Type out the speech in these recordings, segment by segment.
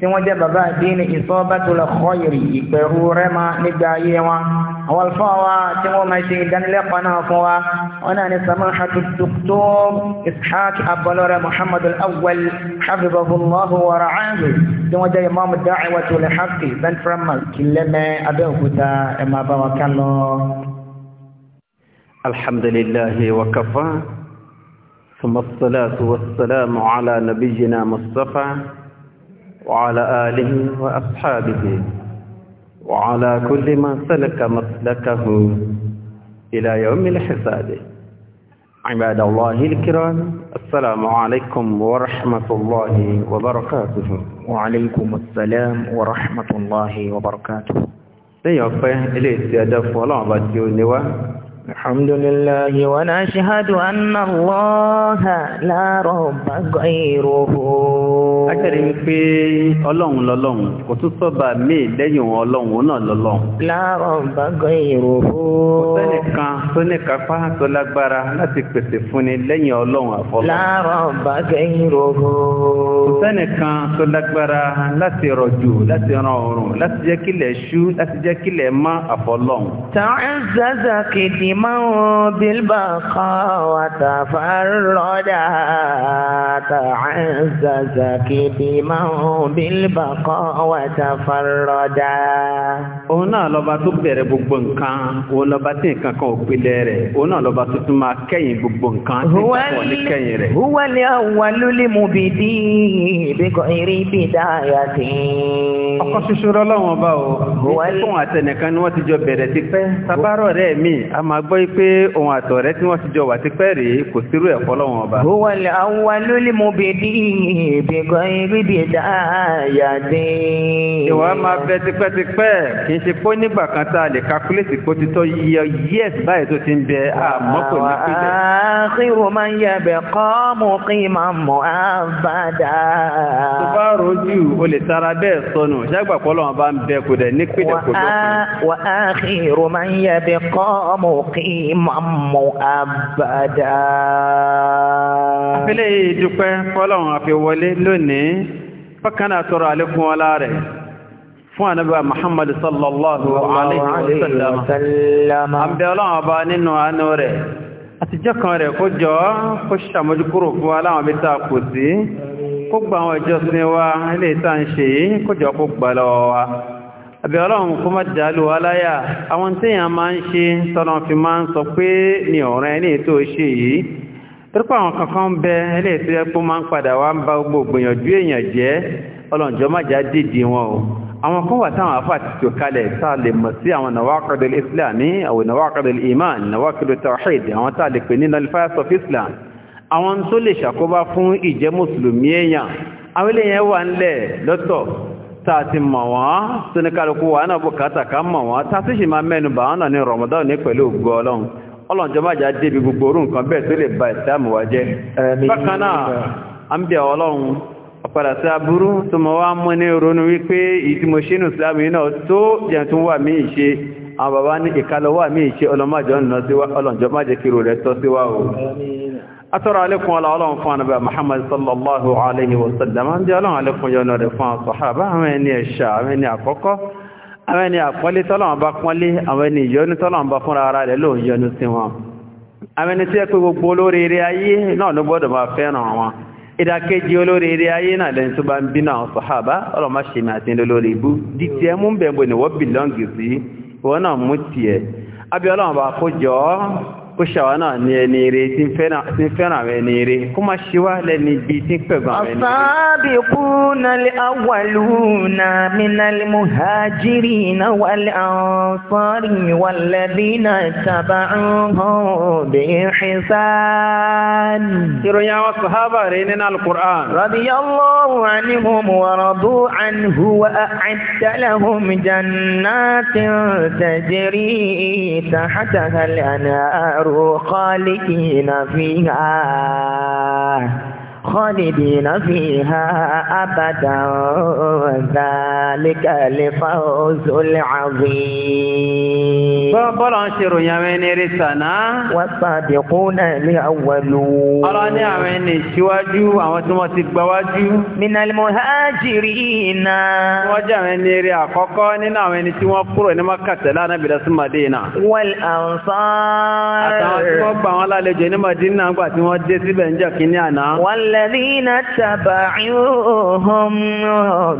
tí wọ́n jẹ́ bàbá àdínì ìsọ́bẹ́tòlẹ̀ kọ́yìrì ìpẹ̀rù rẹ́mà nígbà ayé wa àwọn alfa wa tí wọ́n máa ṣe ìdánilẹ́kọ̀ọ́ náà fún wa wọn náà ní samahatu dr ishaq abọlọrẹ muhammad al-awwal hafizahullahu wa ra'ahu tí wọ́n jẹ́ imam ben haqqi central mosque lẹ́mẹ́ abẹ́òkúta ẹ̀ máa bá wa kán lọ. alhamdulillahi wa kafa ثم الصلاة والسلام على نبينا مصطفى وعلى آله وأصحابه وعلى كل من سلك مسلكه إلى يوم الحساب عباد الله الكرام السلام عليكم ورحمة الله وبركاته وعليكم السلام ورحمة الله وبركاته ليوفي إليس يدف ولا بد الحمد لله ونشهد أن الله لا رب غيره Akẹ́rin pé ọlọ́run lọ́lọ́run, kò tún sọ́bà míì lẹ́yìn ọlọ́run òun náà lọ́lọ́run. La rabba ghayruhu. Kò sẹ́nìkan tó ní kápá tó lágbára láti pèsè fúnni lẹ́yìn ọlọ́run àfọlọ́. La rabba ghayruhu. Kò sẹ́nìkan tó lágbára láti rọ̀jò, láti ran ọ̀run, láti jẹ́ kílẹ̀ ṣú, láti jẹ́ kílẹ̀ má àfọlọ́run. Ta'azzaza kìdìm موضع بالبقاء وتفردا تعزز كدما بالبقاء وتفردا òun náà lọba tó bẹ̀rẹ̀ gbogbo nǹkan òun lọba tí nǹkan kan ò pilẹ̀ rẹ̀ òun náà lọba tó tún máa kẹ́yìn gbogbo nǹkan tí nǹkan kan ní kẹ́yìn rẹ̀. huwa al-awwalul mubdi bi ghairi bidayati. ọkọ ṣoṣo rọlọ́wọ́n bá o. ìṣẹ́ fún àtẹnìkan ni wọ́n ti jọ bẹ̀rẹ̀ ti pẹ́ sábàárọ̀ rẹ̀ mi a máa gbọ́ pé òun àtọ̀rẹ́ tí wọ́n ti jọ wà ti pẹ́ rèé kò sírú ẹ̀ fọ́lọ́wọ́n ọba. huwa al-awwalul mubdi bi ghayri bidayati. ìwà máa bẹ tipẹ́tipẹ́ kì í ṣe pé nígbà kan tá a lè kakuléètì kó ti tọ́ yíyọ yíẹs báyìí tó ti ń bẹ àmọ́ kò ní pínlẹ̀. akhiru man yabqa muqiman mu'abbada. tó bá rojú o lè tara bẹ́ẹ̀ sọnù ṣàgbà pọ́lọ́wọ́n bá ń bẹ kò dẹ̀ ní pínlẹ̀ kò lọ́kùnrin. wa akhiru man yabqa muq مقيما مؤبدا afẹ́lẹ́ yìí dúpẹ́ fọ́lọ́run àfi wọlé lónìí fọ́kànlá tọrọ àlékún ọlá rẹ̀ fún ànábà muhammadu sallallahu alaihi wasallam àbẹ̀ ọlọ́run ọba nínú àánú rẹ̀ àtijọ́ kan rẹ̀ wa ilé ìta ń ṣe kó àbí ọlọ́run kó má dàálù aláyà àwọn tíyàn máa ń ṣe tọ́nà fi máa ń sọ pé ní ọ̀rẹ́ ilé tó ṣe yìí torípa àwọn kankan ń bẹ ilé tó yẹ pé máa ń padà wá ń ba gbogbo gbìyànjú èèyàn jẹ́ ọlọ́njọ́ iman nawaqidut tawhid àwọn tá lè pè ní of islam àwọn tó lè ṣàkóbá fún ìjẹ́ mùsùlùmí èèyàn àwọn ilé tá a ti mọ̀ wọ́n sínúkálukú wa náà bùkátà ká mọ̀ wọ́n tá a sì ṣì máa mẹ́nu bà wọ́n náà ní rọ̀mọ́dá ní pẹ̀lú ògùn ọlọ́run ọlọ́run jọba jà débi gbogbo orú nǹkan bẹ́ẹ̀ tó lè ba ìsìlámù wa jẹ́ bákan náà à ń bẹ̀ ọlọ́run ọ̀padà sí aburú tó mọ̀ wá mú ní ronú wípé ìdí mo yìí náà tó jẹ́ tó wà mí ìṣe àwọn bàbá ní ìkálọ́wà mí ìṣe ọlọ́mọ̀jọ́ ń lọ sí wa ọlọ́run jọba jẹ́ kí atọ́rọ alékún ọlá ọlọ́run fún ànàbà Muhammad sallallahu alaihi wasallam ń jẹ́ ọlọ́run alékún yọ́nà rẹ̀ fún àṣọ́hábá àwọn ẹni ẹ̀ṣà àwọn ẹni àkọ́kọ́ àwọn ẹni àpọ́lé tọ́lọ́run bá pọ́nlé àwọn bá kó jọ kó ṣàwá náà ní ẹni eré tí ń fẹ́ràn àwọn ẹni eré kó má ṣe wá lẹ́ni ibi tí ń pẹ̀gbọ́n àwọn ẹni eré. àfáàbì kú nàlẹ́ awàlúùnà mínàlẹ́ muhajiri náà wàlẹ́ ansari wàlẹ́bínà tàbá ń hàn bí ìṣẹ́sán. ìròyìn àwọn sàhábà rẹ̀ nínú alukur'an. radiyallahu anhum wa radu anhu wa a'addalahum jannatin tajri tahtaha al-anhar. ناروا خالدين فيها خالدين فيها أبدا ذلك الفوز العظيم bọ́lá ń ṣe ròyìn àwọn ẹni rí sànà. والسابقون الأولون. ọ̀rọ̀ ní àwọn ẹni ìṣíwájú àwọn tí wọ́n ti gbáwájú. من المهاجرين. wọ́n jẹ́ àwọn ẹni rí àkọ́kọ́ nínú àwọn ẹni tí wọ́n kúrò ní mọ́kàtẹ́ lánà bìrẹ sí Màdínà. والأنصار. àtàwọn tí wọ́n gbà wọn lálejò ní Màdínà gbà tí wọ́n dé síbẹ̀ ń jẹ́ kínní àná. والذين تبعوهم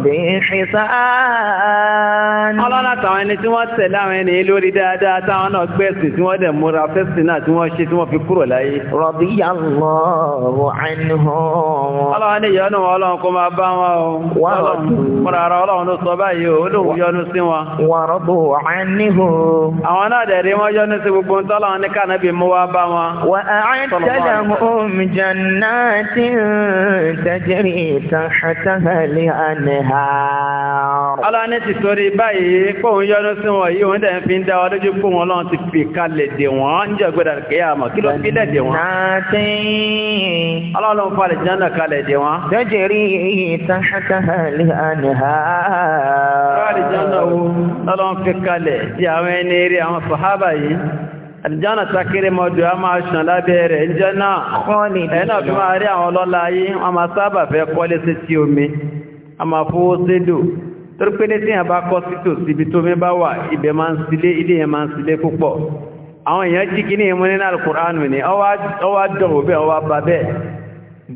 بحساب. Ọlọ́run àtàwọn ẹni tí wọ́n tẹ̀lé àwọn ẹni lórí dáadáa táwọn náà gbẹ̀sìn tí wọ́n dẹ̀ múra fẹ́sìn náà tí wọ́n ṣe tí wọ́n fi kúrò láyé. Radiyallahu anhum. Ọlọ́run ní wọn ọlọ́run aláni ti torí báyìí pọ̀hún yọ́nú sí wọn yìí wọ́n dẹ̀ ń fi ń dá wa lójú pọ̀ wọn lọ́n ti fi kalẹ̀ dè wọ́n ń jẹ́ gbẹ́dà kí a mọ̀ kí ló fi lẹ́dẹ̀ wọ́n. ọlọ́run falẹ̀ jẹ́nà kalẹ̀ dè wọ́n. lọ́jẹ̀rí ìtàkàlẹ̀ àníhà. falẹ̀ jẹ́nà wo lọ́lọ́run fi kalẹ̀ di àwọn ẹni rí àwọn sàhábà yìí mọ́dù a máa ṣàn lábẹ́ rẹ̀ ń jẹ́ náà ẹ̀nà fi máa àwọn ọlọ́lá yìí a máa sábà fẹ́ kọ́lé sí ti omi a máa fowó sídò torí pé ní tí yàn bá kọ́ sí tò síbi tó mi bá wà ibẹ̀ máa ń sílé ilé yẹn máa ń sílé púpọ̀ àwọn èèyàn jí kí ní ìmú nínú alukùránù ni ọwá dọ̀wọ̀ bẹ́ẹ̀ ọwá bá bẹ́ẹ̀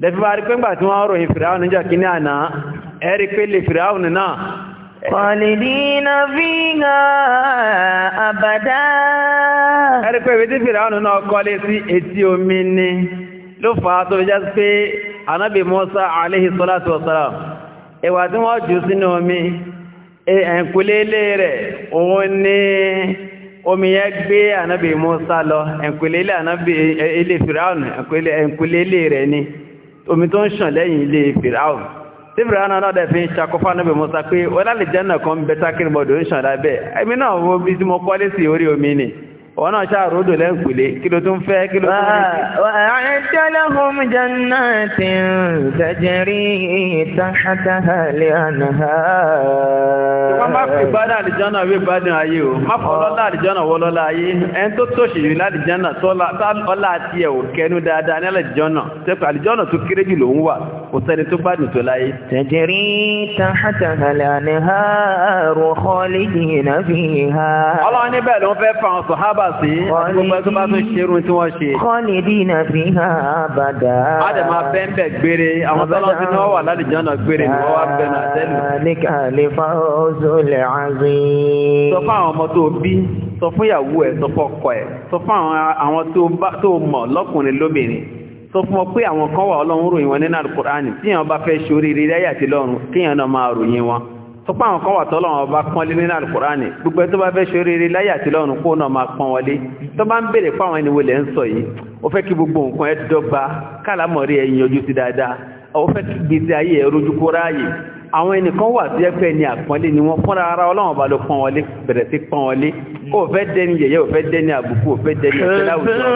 lẹ́fí bá rí pé ńgbà tí wọ́n ròyìn fìràwùn níjà kí ní àná ẹ̀rí pé lè fìràwùn náà Kọ̀lìdínà fíhà àbàdá. Ẹ̀rí pé ìwé tí fìràwùn náà kọ́lé sí etí omi ni ló fà tó fi pé Anábì Mọ́sá àléhìsọ́lá ìwà tí wọ́n jù sínú omi e, ẹ̀ǹkúlélé rẹ̀ òun ní omi yẹn gbé ànábì Mùsá lọ ẹ̀ǹkúlélé ànábì e, ilé fìráùn ẹ̀ǹkúlélé rẹ̀ ni omi tó ń ṣàn lẹ́yìn ilé fìráùn tí fìráùn náà dẹ̀ fi ń ṣakọ́fà ànábì Mùsá pé wọ́n lálẹ́ jẹ́ náà kan bẹ́tákìrìmọ̀dọ̀ ń ṣàn lábẹ́ ẹ̀mí náà wo bí mo kọ́lé sí orí omi ni wọ́n náà ṣáà ròdò lẹ́ǹkùlé kí ló tún fẹ́ kí ló tún rí. وأعد لهم جنات تجري تحتها الأنهار. wọ́n má fi gbádùn àlìjánà wí gbádùn ayé o má fọ lọ́lá àlìjánà wọ lọ́lá ayé ẹni tó tòṣì yìí lálìjánà tá ọlá àti ẹ̀ ò kẹnu dáadáa ní àlìjánà tẹ́kọ̀ àlìjánà tó kéré jù lòún wà kò sẹ́ni tó gbádùn tó láyé. تجري تحتها الأنهار sábà sí gbogbo ẹ̀tọ́ bá tún ṣerun tí wọ́n ṣe. kọ́ni dínà fi hàn àbàdà. a dẹ̀ máa bẹ́ẹ̀ bẹ́ẹ̀ gbére àwọn tọ́lọ́ tí wọ́n wà lálejànà gbére ni wọ́n wá bẹ̀rẹ̀ àtẹ́lù. àlíkà lè fa oṣooṣù àzín. sọ fún àwọn ọmọ tó bí sọ fún ìyàwó ẹ sọ fún ọkọ ẹ sọ fún àwọn tó mọ̀ lọ́kùnrin lóbìnrin sọ fún ọ pé àwọn kan wà ọlọ́run ròyìn wọn nínú àlùkùránì tó pa àwọn kan wà tọ́lọ́wọ́n ọba pọ́nlé nínú alukùránì gbogbo ẹ tó bá fẹ́ ṣe rere láyé àti lọ́run kó náà máa pọ́n wọlé tó bá ń béèrè fún àwọn lẹ́ ń sọ yìí ó fẹ́ kí gbogbo nǹkan ẹ dọ́gba kálámọ̀rí ẹ yanjú sí dáadáa ó fẹ́ gbèsè ayé ẹ rojú kó àwọn ẹnìkan wà tí ẹgbẹ́ ni àpọ́nlé ni wọ́n fúnra ara ọlọ́run bá ló pọ́n wọlé bẹ̀rẹ̀ sí pọ́n wọlé ó fẹ́ dẹni yẹ̀yẹ́ ó fẹ́ dẹni àbùkù ó fẹ́ dẹni ìṣẹ́lá òjò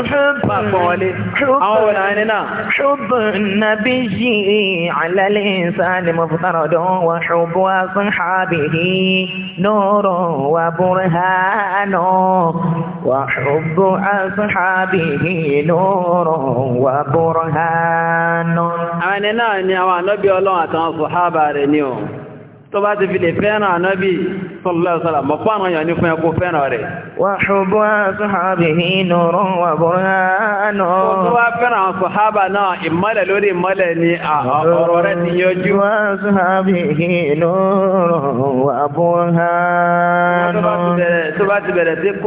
máa pọ́n wọlé àwọn wọlé àwọn ẹni náà. ṣùgbọ́n nàbí yí àlálẹ́ sáni mo fi tàrà dán wa ṣùgbọ́n asún hábìrì nọ́ọ̀rọ̀ wa burhanu وحب أصحابه نور وبرهان àwọn ẹni náà ni àwọn ànábì Ọlọ́run àtàwọn sàhábà rẹ̀ ni ó tó bá ti fi lè fẹ́ràn ànábì sọ́lọ́sọ́lá mọ̀ fún àwọn èèyàn ní fún ẹkù fẹ́ràn rẹ̀. wà ṣubú àṣùhábì nínú rún wà burhanu. ó tó wá fẹ́ràn àwọn ṣùhábà náà ìmọ́lẹ̀ lórí ìmọ́lẹ̀ ni ọ̀rọ̀ rẹ̀ ti yọjú. wà ṣùhábì nínú rún wà burhanu. tó bá ti bẹ̀rẹ̀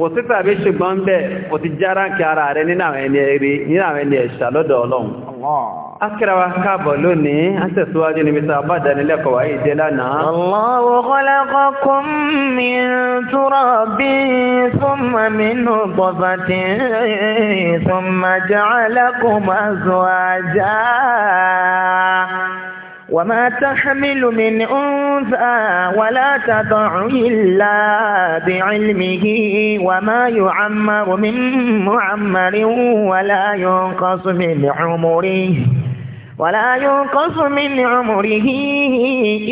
kò sí tàbí ṣùgbọ́n bẹ́ẹ̀ kò ti jára kí ara rẹ̀ nínú àwọn ẹni ẹ̀ṣà lọ́dọ̀ ọlọ́run akírawa káàbọ̀ lónìí a tẹ̀síwájú níbi tí a bá dánilẹ́kọ̀ọ́ wáyé dé lánàá. Allahu khalaqakum min turabin thumma min nutfatin thumma ja'alakum azwaja. وما تحمل من أنثى ولا تضع إلا بعلمه وما يعمر من معمر ولا ينقص من عمره ولا ينقص من عمره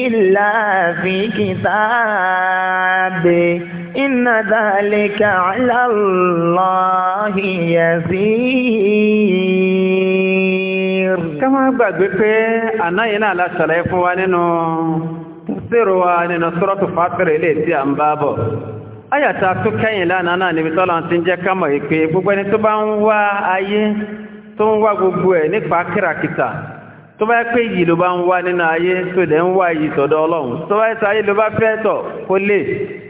إلا في كتاب إن ذلك على الله يسير كما بقى أنا هنا لا شليف وانينو síròwà nínú sọ́rọ̀tù fàtírì ilé tí a ń bá tó kẹ́yìn lánàá náà níbi tọ́lá ti ń jẹ́ kámọ̀ ìpé gbogbo ẹni tó bá ń wá ayé tó ń wá gbogbo ẹ̀ nípa tó bá pé yìí ló bá ń wá nínú ayé tó dẹ̀ ń wá yìí tọ̀dọ̀ ọlọ́run tó bá yẹ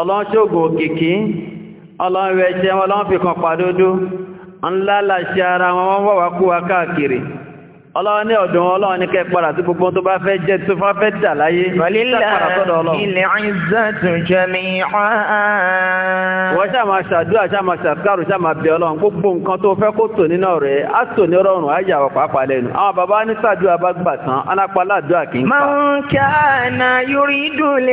ọlọ́ṣògùn òkìkí ọlọ́rẹ̀ ẹ̀ṣẹ́ wọn lọ́n fi kan pàdódó ńlá làṣẹ ara wọn wọ́n wọ́wà kú wa káàkiri ọlọ́wọ́ ní ọ̀dùn ọlọ́wọ́ ní kẹ́ padà sí gbogbo tó bá fẹ́ jẹ́ tó fá fẹ́ dà láyé wọ́n ṣàmà ṣàdúrà ṣàmà ṣàfikàrù ṣàmà bẹ̀ ọlọ́run gbogbo nǹkan tó fẹ́ kó tò nínú rẹ̀ á tò ní rọrùn ayé àwọn pàápàá lẹ́nu àwọn bàbá ní ṣàdúrà bá gbà tán alápàládùà kì í ká. man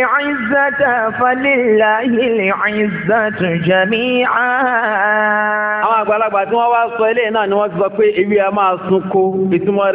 àgbàlagbà tí wọ́n wá sọ ilé náà ni wọ́n sọ pé ewì a máa sunko ìtumọ̀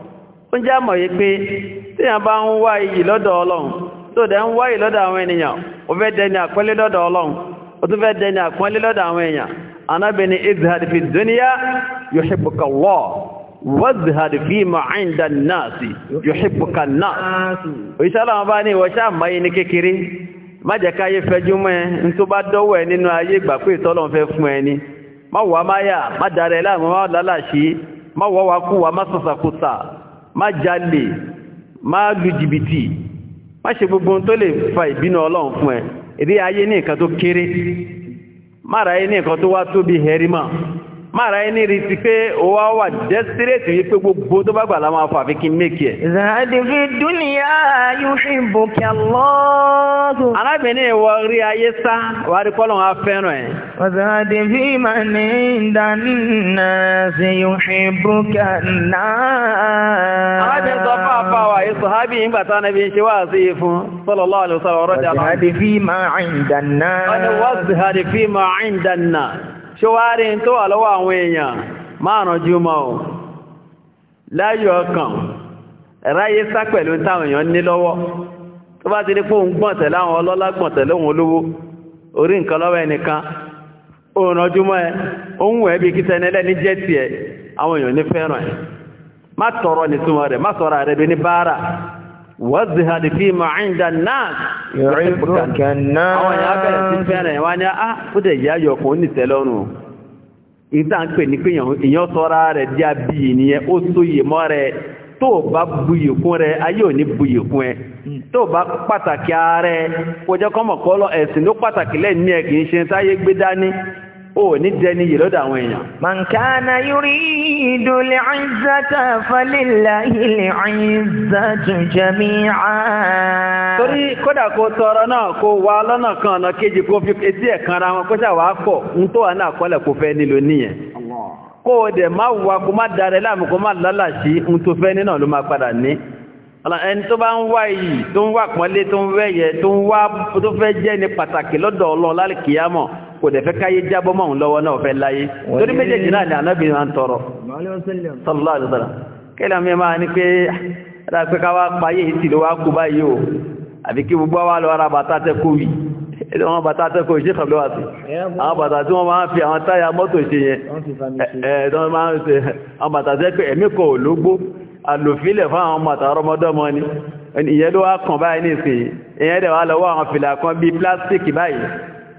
ó jẹ́ àmọ̀ yìí pé tí a bá ń wá iyì lọ́dọ̀ ọlọ́run tó dẹ̀ ń wá iyì lọ́dọ̀ àwọn ènìyàn ó fẹ́ dẹni àpọ́nlé lọ́dọ̀ ọlọ́run ó tún fẹ́ dẹni àpọ́nlé lọ́dọ̀ àwọn èèyàn anábìnrin ma inda an-nasi yuhibbuka an-nas òṣìṣẹ́ àwọn wa ní ìwọ̀ṣẹ́ má jalè má lu jìbìtì má ṣe gbogbo tó lè fa ìbínú ọlọ́run fún ẹ èdè ayé ní nǹkan tó kéré má ra ayé ní nǹkan tó wá tóbi hẹrímọ̀ máa ra ẹni rí sí pé ó wá wà jẹ́ sírètì wípé gbogbo tó bá gbàlá máa fàfi kí mékì ẹ̀. zàdìfì dúnìyà yóò fi bòkè lọ́ọ̀tù. arábìnrin ìwọ rí ayé sá wà á rí kọ́lọ̀ wọn fẹ́ràn ẹ̀. zàdìfì máa ìdáná sí yóò fi bòkè náà. arábìnrin sọ fún àfa wa yìí hábì yìí gbàtà náà ṣe wá sí i fún sallallahu alaihi wasallam ṣe wá tó wà lọ́wọ́ àwọn èèyàn márùn-ún jùmọ́ ò láyọ̀ ọkàn ráyé sá pẹ̀lú táwọn èèyàn ní lọ́wọ́ tó bá ti rí fún òun gbọ̀n tẹ̀lé ọlọ́lá gbọ̀n tẹ̀lé òun olówó orí nǹkan lọ́wọ́ ẹnìkan òun ọjọ́mọ́ wazihadi fi ma inda náà yọ̀rìbùkà náà àwọn èèyàn bẹ̀rẹ̀ sí fẹ́rẹ̀ wá ní á ah, ó dẹ̀ yá yọ kún ní tẹ́lọ́rùn ìta ń pè ní pé èèyàn sọ́ra rẹ̀ dí abí ìnìyẹn ó sóyè mọ́ rẹ̀ tó bá buyìkún rẹ̀ ayé ò ní buyìkún ẹ tó bá pàtàkì ààrẹ kó jẹ́ kọ́mọ̀kọ́ lọ ẹ̀sìn ló pàtàkì lẹ́ni ẹ̀ kì í ṣe ó ní dẹni yìí lọ́dọ̀ àwọn èèyàn. mankana yuri idule aizata falila ile aizatu jami'a. torí kódà kó tọrọ náà kó wá lọ́nà kan ọ̀nà kejì kó fi etí ẹ̀ kan ra wọn kó ṣàwá pọ̀ ń tó wà náà kọ́lẹ̀ kó fẹ́ nílò nìyẹn. kó o dẹ̀ má wà kó má darẹ̀ láàmú kó má lálàsí ń tó fẹ́ nínà ló máa padà ní. ẹni tó bá ń wá iyì tó ń wá pọ́nlé tó ń wẹ́yẹ tó ń wá tó fẹ́ jẹ́ ní pàtàkì lọ́dọ̀ ọlọ́run kò dẹ̀ fẹ́ káyé jábọ́ mọ́ lọ́wọ́ náà fẹ́ láyé torí méjèèjì náà ni ànábì náà ń tọrọ sallallahu alaihi wasallam kẹ́lẹ̀ mi máa ní pé rápẹ́ ká wá payé ìtì ló wá kú báyìí o àbí kí gbogbo wá lọ ara bàtà tẹ́kù yìí ilé wọn bàtà tẹ́kù ìṣe kan ló wà sí ni ìyẹn ló wá kàn báyìí nìsín ìyẹn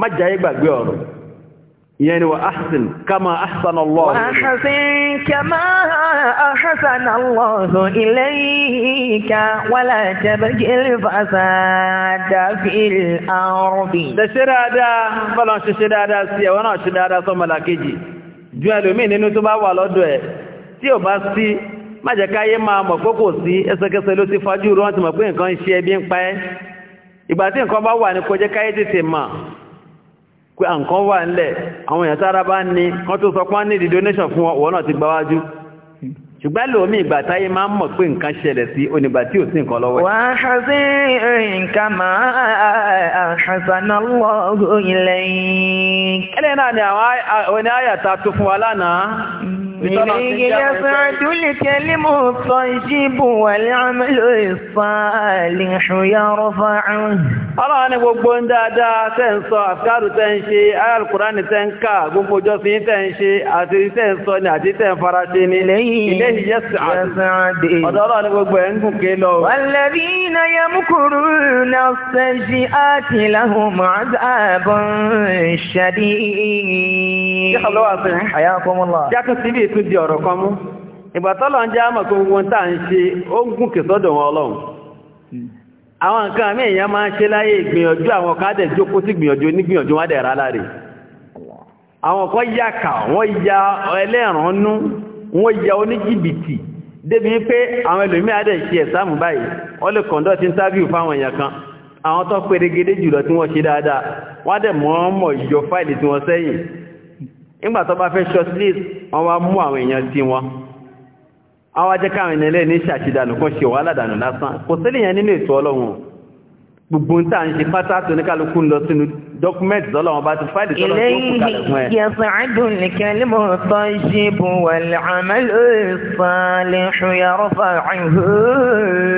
má jayé gbàgbé ọ̀rọ̀ ìyẹn ni wa ahsin kama ahsan Allah wa ahsin kama ahsan Allah ilayka wala tabghil fasada fil ardi da shirada bala shirada sí wa na shirada so malakeji ju ẹlòmí nínú tó bá wà lọ́dọ̀ ẹ̀ tí ó bá sí má jẹ́ káyé máa mọ̀ pé kò sí ẹsẹ̀kẹsẹ̀ ló ti fajú ro wọ́n ti mọ̀ pé nǹkan ń ṣe ẹbí ń pa ẹ́ ìgbà tí nǹkan bá wà ní kó jẹ́ káyé tètè mọ̀ pé àǹkan ah, wà nílẹ̀ àwọn èèyàn tára bá ní wọ́n tó sọ pán nídi donation fún wọn náà ti gbáwájú ṣùgbọ́n lómi ìgbà táyé máa ń mọ̀ pé nǹkan ṣẹlẹ̀ sí onígbà tí ò sí nǹkan lọ́wọ́ ẹ̀. wàá ṣàṣì nǹkan àwọn fún wa lánàá بطرف جاء الكلم الطيب والعمل الصالح يرفعه قرآن وقبون دادا تنصى أفكار تنشي آية القرآن تنكى قم جوسي تنشي أتري تنصو نعدي تنفرشين إليه إليه يسعد قرآن وقبون كيلو والذين يمكرون السجئات لهم عذاب شديد يخلوا أصلي حياكم الله جاكم سبيل tún di ọ̀rọ̀ kan mú ìgbàtọ́lọ̀ ń jẹ́ àmà kó tàà ń ṣe ó ń gùn kìsọ́dọ̀ wọn ọlọ́run àwọn nǹkan àmì èèyàn máa ń ṣe láyé ìgbìyànjú àwọn kan jókó sí gbìyànjú onígbìyànjú wọ́n dẹ̀ àwọn kan yà kà wọ́n ya ẹlẹ́rànú wọ́n ya oníjìbìtì débi pé àwọn ẹlòmíà dẹ̀ ṣe ẹ̀sáàmù báyìí wọ́n lè kọ̀ńdọ̀ ti ń sábìú fáwọn ìgbàtọ́ bá fẹ́ shortlist wọ́n wá mú àwọn èèyàn sí wọn àwọn ajẹ́ káwọn ènìyàn lẹ́ẹ̀ ní ṣàṣìdànù kan ṣe wàhálà dànù lásán kò sílẹ̀ yẹn nínú ètò ọlọ́run gbogbo ń tàà ń ṣe pátá tó ní kálukú lọ sínú dọ́kúmẹ́ntì tọ́lọ́wọ́n bá ti fáìlì tọ́lọ́wọ́n tó kù kalẹ̀ fún ẹ. ilé yas'adu al-kalimu at-tayyibu wal-'amalu as-salihu yarfa'uhu.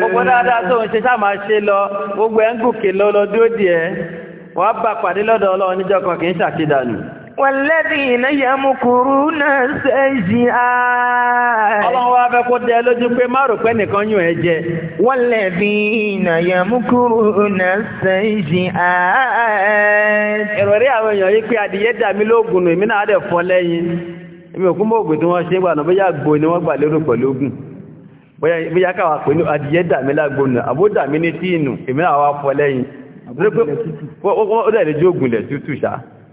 gbogbo dáadáa tó ń ṣe ṣáà máa ṣe lọ gbogbo ẹ̀ ń gòkè lọ́lọ́dún ó di ẹ̀ wọ́n á bá pàdé lọ́dọ̀ ọlọ́run níjọ́ Wàlẹ́dìínà yẹ mú kúrú náà ṣẹ́yì ààrẹ. Ọlọ́run wá fẹ́ kó dẹ lójú pé má rò nìkan yóò ẹ jẹ. Wàlẹ́dìínà yẹ kúrú náà ṣẹ́yì ààrẹ. Ìrọ̀rí àwọn èèyàn yìí pé adìyẹ dà mí nù, èmi náà dẹ̀ fọ́ lẹ́yìn. òkú mọ́ ògùn tí wọ́n ṣe gbàna bóyá gbò ni wọ́n gbà lérò pẹ̀lú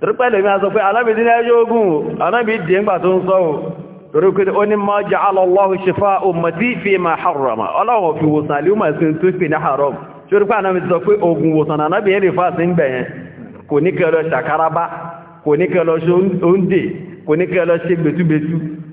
torípẹ́lẹ̀ mi a sọ pé alábìdí ní ẹjọ́ ogun alábìdí ń gbà tó ń sọ́wọ́ torí pé ó ní máa jẹ́ alọ́lọ́hu ṣefá ummati fi ma harrama ọlọ́wọ̀ fi wòsàn alíwọ̀mà sí tó fi ní haram torí pé anábi sọ pé ogun wòsàn anábi yẹn lè fà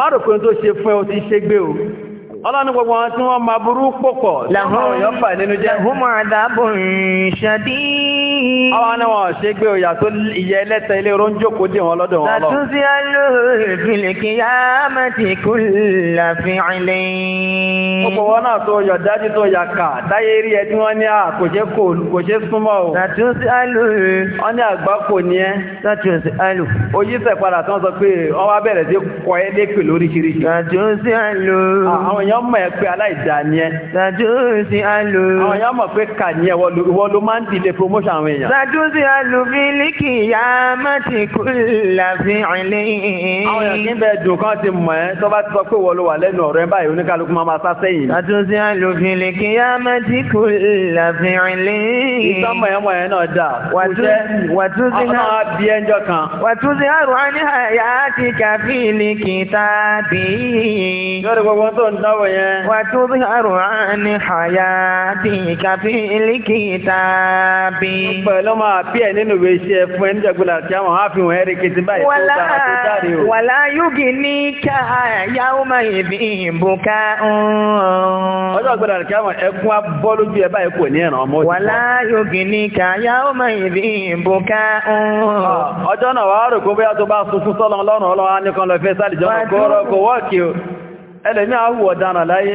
má rò pé tó ṣe fún ẹ ó ti ṣe gbé o ọlọ́ni gbogbo wọn tí wọ́n máa burú pọ̀pọ̀ láwọn ọ̀yọ́ fà nínú jẹ́ húnmọ̀ àdábò ṣàdí ọwọ́ ni wọ́n ṣe gbé òyà tó ìyẹ ẹlẹ́tẹ̀ ilé oró jókòó dì wọn lọ́dọ̀ wọn lọ látúnṣí alóòfìlìkì yámẹ́tì kú láfi ilẹ̀ gbogbo wọn náà tó yọ dájú tó yà ká táyé rí ẹ tí wọ́n ní à kò ṣe kò kò ṣe súnmọ́ o látúnṣí aló wọn ní àgbá kò ní ẹ látúnṣí aló oyí èèyàn mọ̀ ẹ́ pé aláìdá ni ẹ́. sàdúùsì àlù. àwọn èèyàn mọ̀ pé kà ní ẹ wọ́n ló máa ń dìde promotion àwọn èèyàn. sàdúùsì àlù bílíkì yá má ti kú làfi ìlẹ̀. àwọn èèyàn kí n bẹ dùn kán ti mọ̀ ẹ́ tó bá ti sọ pé wọ́n ló wà lẹ́nu ọ̀rẹ́ báyìí oníkálukú máa sá sẹ́yìn. sàdúùsì àlù bílíkì yá má ti kú làfi ìlẹ̀. ìsọmọ ẹ̀ mọ̀ ẹ̀ náà dà. wàtúùsì náà bí ẹjọ́ láwọ̀ yẹn. wà á tún bí àrùn àní àyà ti kàfi ìlíkì tàbí. pẹ̀lú ọmọ àbí ẹ̀ nínú ìwé iṣẹ́ fún ẹni jẹ́gbọ́lá tí àwọn àfihàn ẹ̀rí kìtì báyìí tó dára tó dáre o. wàlá yúgi ní ká yàwó máa yẹ bí ìbùkà. ọjọ́ gbọ́dọ̀ kí àwọn ẹkún abọ́ lójú ẹ báyìí kò ní ẹ̀ràn ọmọ òṣìṣẹ́. wàlá yúgi ní ká yàwó máa yẹ bí ìbùkà. ọjọ́ náà wàá rò kó bóyá tó bá sunkún sọ́lọ́ ọlọ́run ọlọ́run á ní kan lọ fẹ́ sálì jọ́nà kó rọ kó wọ́ọ̀kì o ẹlẹ̀mí àwọ̀ ọ̀daràn láyé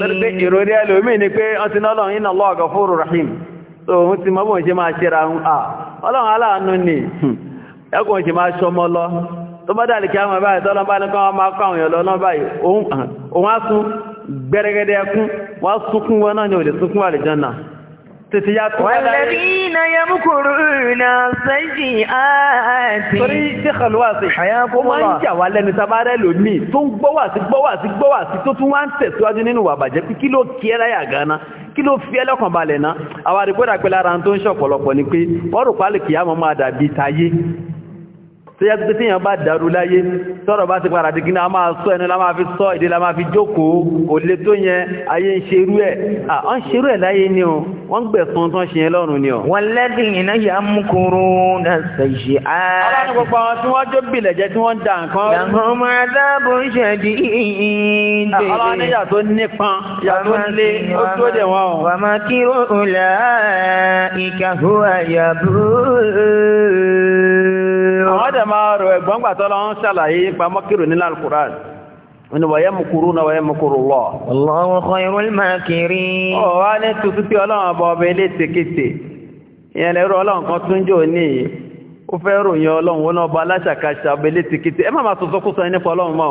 Lọ́dún ìròrí ẹlòmí ni pé wọ́n ti ọhụrụ lọ́run iná lọ́ọ̀gọ̀ fóòrò Rahim. So, ti mọ́bùn ṣe máa ṣe ra ń à. Ọlọ́run aláàánú ni, ẹkùn ṣe máa ṣọmọ lọ. Tó bá dàlì kí a mọ̀ báyìí tọ́lọ́ bá ní kọ́ á tètè ya tó wá dáyé. Wàlẹ́rìnà ya múkúrú na sẹ́jì àti. Torí tí Kàlúwà sí, ó máa ń jà wá lẹ́nu sábárẹ́ lónìí tó ń gbọ́wà sí gbọ́wà sí gbọ́wà sí tó tún wá ń tẹ̀síwájú nínú wà bàjẹ́ pé kí ló kí láyà gánà kí ló fi ẹlọ́kàn balẹ̀ náà. Àwọn àdìgbò dàpẹ́ lára tó ń ṣọ̀pọ̀lọpọ̀ ni pé wọ́n rò pálí kìí máa dàbí tayé tó yá pé tíyàn bá dàrú láyé tọ́rọ̀ bá ti padà dìgí náà máa sọ ẹnu la máa fi sọ ìdí la máa fi jókòó kò lè tó yẹn ayé ń ṣerú ẹ̀ àwọn ṣerú ẹ̀ láyé ni o wọ́n ń gbẹ̀sùn tán ṣe yẹn lọ́rùn ni o. wọ́n lẹ́dìn iná yà ń kúrú ọlọ́run àwọn dẹ̀ máa rọ̀ ẹ̀gbọ́n gbàtọ́lọ́ ń ṣàlàyé ipa mọ́kìrò nílá alkùrán ni wàyẹ́ mùkúrú na wàyẹ́ mùkúrú lọ. Allahu khairul makirin. Ó wá ní tuntun tí ọlọ́run ọba ọba ilé tèkéte. Ìyẹn lẹ́rọ ọlọ́run kan tún jò ní ó fẹ́ ròyìn ọlọ́run wọn ọba aláṣàkáṣà ọba ilé tèkéte. Ẹ má máa tuntun kúsọ nípa ọlọ́run mọ́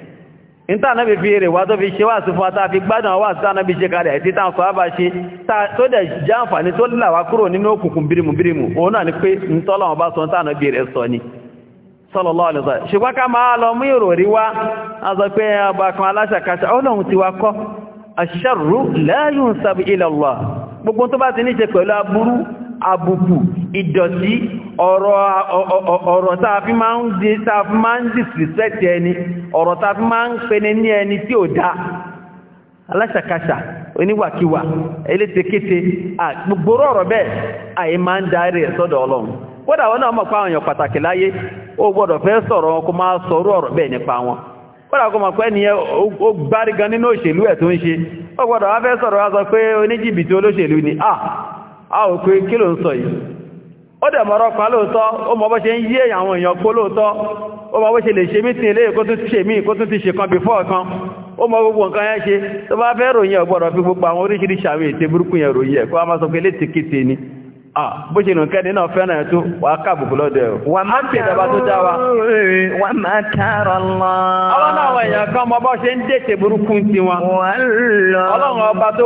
níta náà fi èrè wá tó fi ṣe wá sí fún àtàfi gbádùn àwọn àti tánà bí ṣe kalẹ̀ àti tán sọ àbá ṣe tó dẹ̀ já àǹfààní tó làwá kúrò nínú òkùnkùn bírimù bírimù òun náà ni pé ń tọ́lọ̀wọ̀n bá sọ tánà bí rẹ̀ sọ ni sallallahu alaihi wasallam ṣùgbọ́n ká àbùkù ìdọ̀tí ọ̀rọ̀ tàà fi máa ń dé tàà fi máa ń disrespect ẹni ọ̀rọ̀ máa ń pẹni ní ẹni tí ó dá aláṣàkáṣà oníwàkíwà elétekéte gbogbo ọ̀rọ̀ bẹ́ẹ̀ àyè máa ń darí ọlọ́run kódà ó ẹ nínú òṣèlú ẹ̀ tó ń ṣe ó gbọ́dọ̀ wá fẹ́ sọ̀rọ̀ wá sọ pé àwọn òkú kí ló ń sọ yìí ó dẹ̀ mọ̀rọ̀ pa lóòótọ́ ó mọ̀ bọ́ ṣe ń yí èyàn àwọn èèyàn kó lóòótọ́ ó mọ̀ bó ṣe lè ṣe mítìn ilé tún ṣe mí tún ti ṣe kan before kan ó mọ̀ gbogbo nǹkan yẹn ṣe tó bá fẹ́ Ah, bó ṣe nù kẹ́ni náà fẹ́ràn ẹ̀ tó wà káàbùkù lọ́dọ̀ ẹ̀ wà má tẹ̀rọ bá tó dá wa wà má tẹ̀rọ lọ ọlọ́run àwọn èèyàn kan mọ bọ́ ṣe ń dèṣe burúkú ti wọn ọlọ́run ọba tó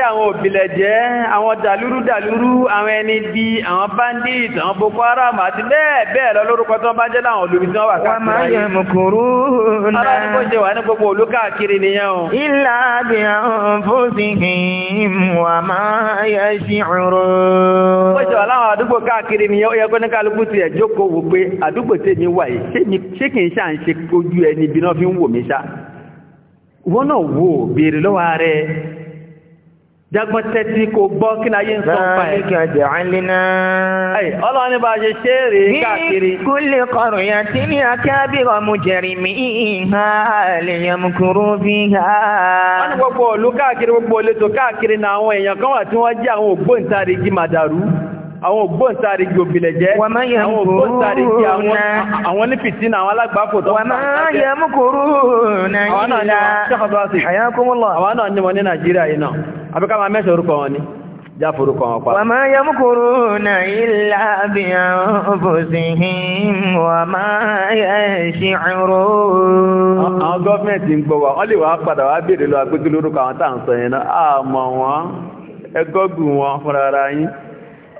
àwọn òbílẹ̀ jẹ́ àwọn dàlúrú dàlúrú àwọn ẹni bí àwọn bandit àwọn boko haram àti bẹ́ẹ̀ bẹ́ẹ̀ lọ lórúkọ tó bá jẹ́ láwọn olùbí tí wọ́n wà káàkiri ní kó ṣe àwọn fòsìkìn sí wọ́n náà wò béèrè lọ́wọ́ rẹ̀ jagbọn tẹ́tí kò gbọ́ kí láyé ń sọ́n pa ẹ̀. báyìí kàjẹ́ àlìna. ayi ọlọ́run ní bá a ṣe ṣe é rèé káàkiri. ní kulli qaryatin ní akabira mujrimiha li yamkuru biha. wọ́n ní gbogbo òlu káàkiri gbogbo ìletò káàkiri náà àwọn èèyàn kan wà tí wọ́n jẹ́ àwọn ògbóǹtarìgì màdàrú. àwọn ògbóǹtarìgì òbílẹ̀jẹ́ àwọn ògbóǹtarìgì àwọn onífìtínà àwọn alágbàáfò tó ń a jáforúkọ wọn pa. wàmá na ilá bí àwọn gọ́ọ̀mẹ̀ntì ń gbọ́ wa wọ́n lè wá padà wá béèrè lọ àwọn sọ náà àmọ́ wọn ẹgọ́gùn wọn fúnra ara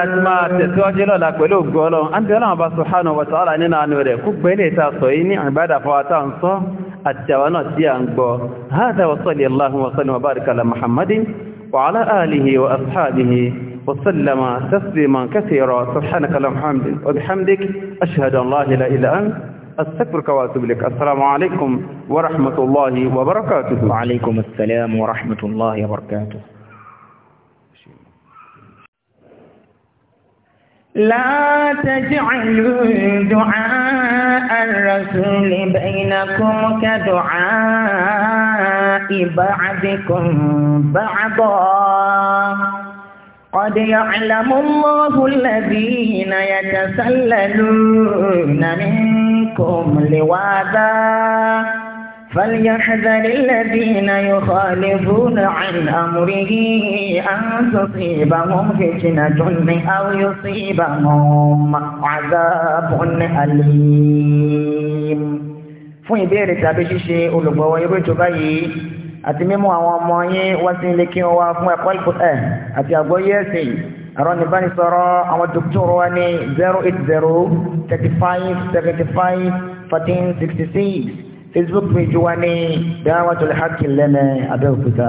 a ti máa tẹ̀síwájú lọ́la pẹ̀lú ògbọ́ ọlọ́run a ń bẹ̀rẹ̀ àwọn bá subhanahu wa ta'ala nínú àánú rẹ̀ kú gbẹ́lẹ̀ ìta sọ yìí ní àbádà fọwọ́ tá à ń sọ àti àwọn náà tí à ń gbọ́ hadha wa sallallahu wa sallam wa baraka ala muhammadin wa ala alihi wa ashabihi wa sallama tasliman kathira subhanaka alhamdi wa bihamdik ashhadu an la ilaha illa ant استغفرك واتوب اليك السلام عليكم ورحمه الله وبركاته وعليكم السلام ورحمه الله وبركاته لا تجعلوا دعاء الرسول بينكم كدعاء بعضكم بعضا قد يعلم الله الذين يتسللون منكم لواذا فليحذر الذين يخالفون عن أمره أن تصيبهم فتنة أو يصيبهم عذاب أليم fún ìbéèrè tàbí ṣíṣe olùgbọ̀wọ́ irú ètò báyìí àti mímú àwọn ọmọ yín wá sí ilé kí wọ́n wá fún ẹ̀kọ́ ìpínlẹ̀ àti àgbọ́yé ẹ̀sìn ẹ̀rọ níbánisọ̀rọ̀ àwọn dókítọ̀rọ̀ wa ní 080 35 75 14 66 facebook page wa ní dáwàtò lè hákì lẹ́nà abẹ́òkúta